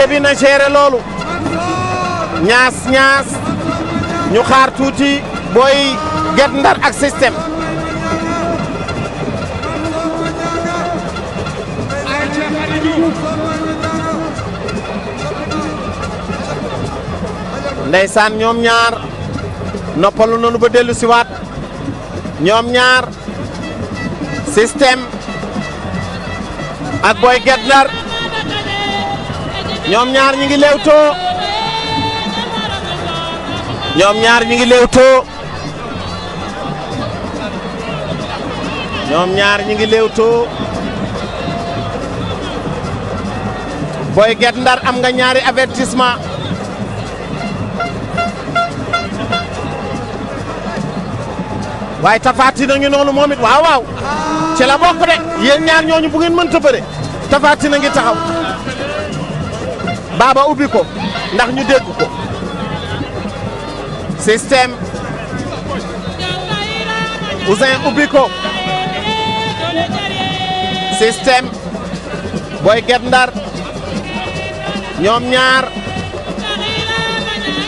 cité na géré loolu ñaas ñaas ñu xaar tuuti booy get ndar ak système ndeysaan ñoom ñaar noppalu nañu ba dellu siwaat ñoom ñaar système ak booy get ndar ñoom ñaar ñi ngi leewtoo ñoom ñaar ñi ngi leewtoo ñoom ñaar ngi leewtoo Boy Guet Ndar am nga ñaari avertissement waaye Tapha Tine a ngi noonu moom it waaw waaw ci bokk de yéen ñaar ñooñu bu ngeen mënta ngi taxaw baaba ubbi ko ndax ñu dégg ko système Ousin ubbi ko système booy get ñoom ñaar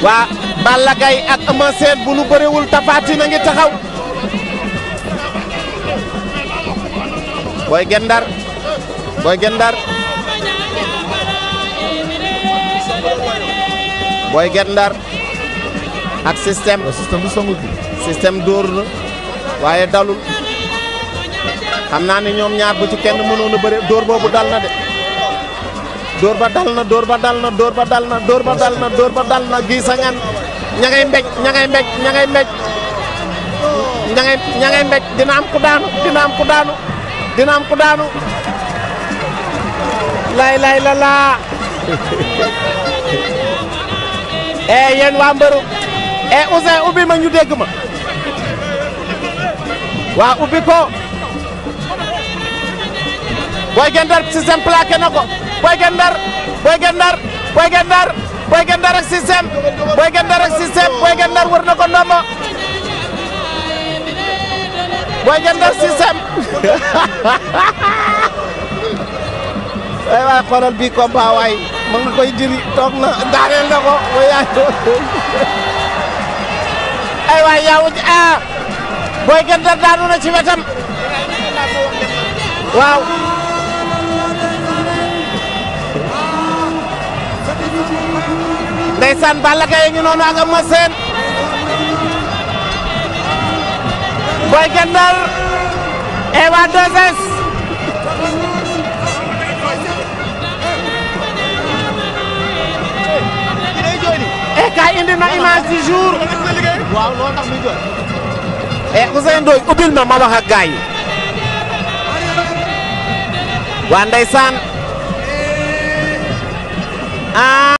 waa Balla Gaye ak Ama bu nu bëriwul tafaati na ngi taxaw booy get ndar booy booy get ndar ak bu système bi songul système dóor na waaye dalul xam naa ne ñoom ñaar bu ci kenn mënoon a bëre dóor boobu dal na de. dóor ba dal na dóor ba dal na dóor ba dal na dóor ba dal na dóor ba dal na gii sa ngan ña ngay mbéj ña ngay mbéj ña ngay mbéj ña ngay ña ngay mbéj dina am ku daanu dina am ku daanu dina am ku daanu. lay lay la eh yéen waa mbëru eh Ouzin ubbi ma ñu dégg ma waa ubbi ko Boy Guendar Système plaqué na ko Boy Guendar Boy Guendar Boy Guendar Boy Guendar Boy Guendar ak Boy Guendar wër na ko Boy Guendar Système ay waay xoolal bii combat waay ma ngi koy jëri toog na daaneel na ko wa yaay ah! na ci wetam waaw ndeysaan Balla Gaye ngi noonu ak Eumeu Sène booy gën liggéey ci jour. waaw loolu tax muy jooy. eh Ousseynou Ndoye ubbil ma ma wax ak gars yi. waa ndeysaan. Ah.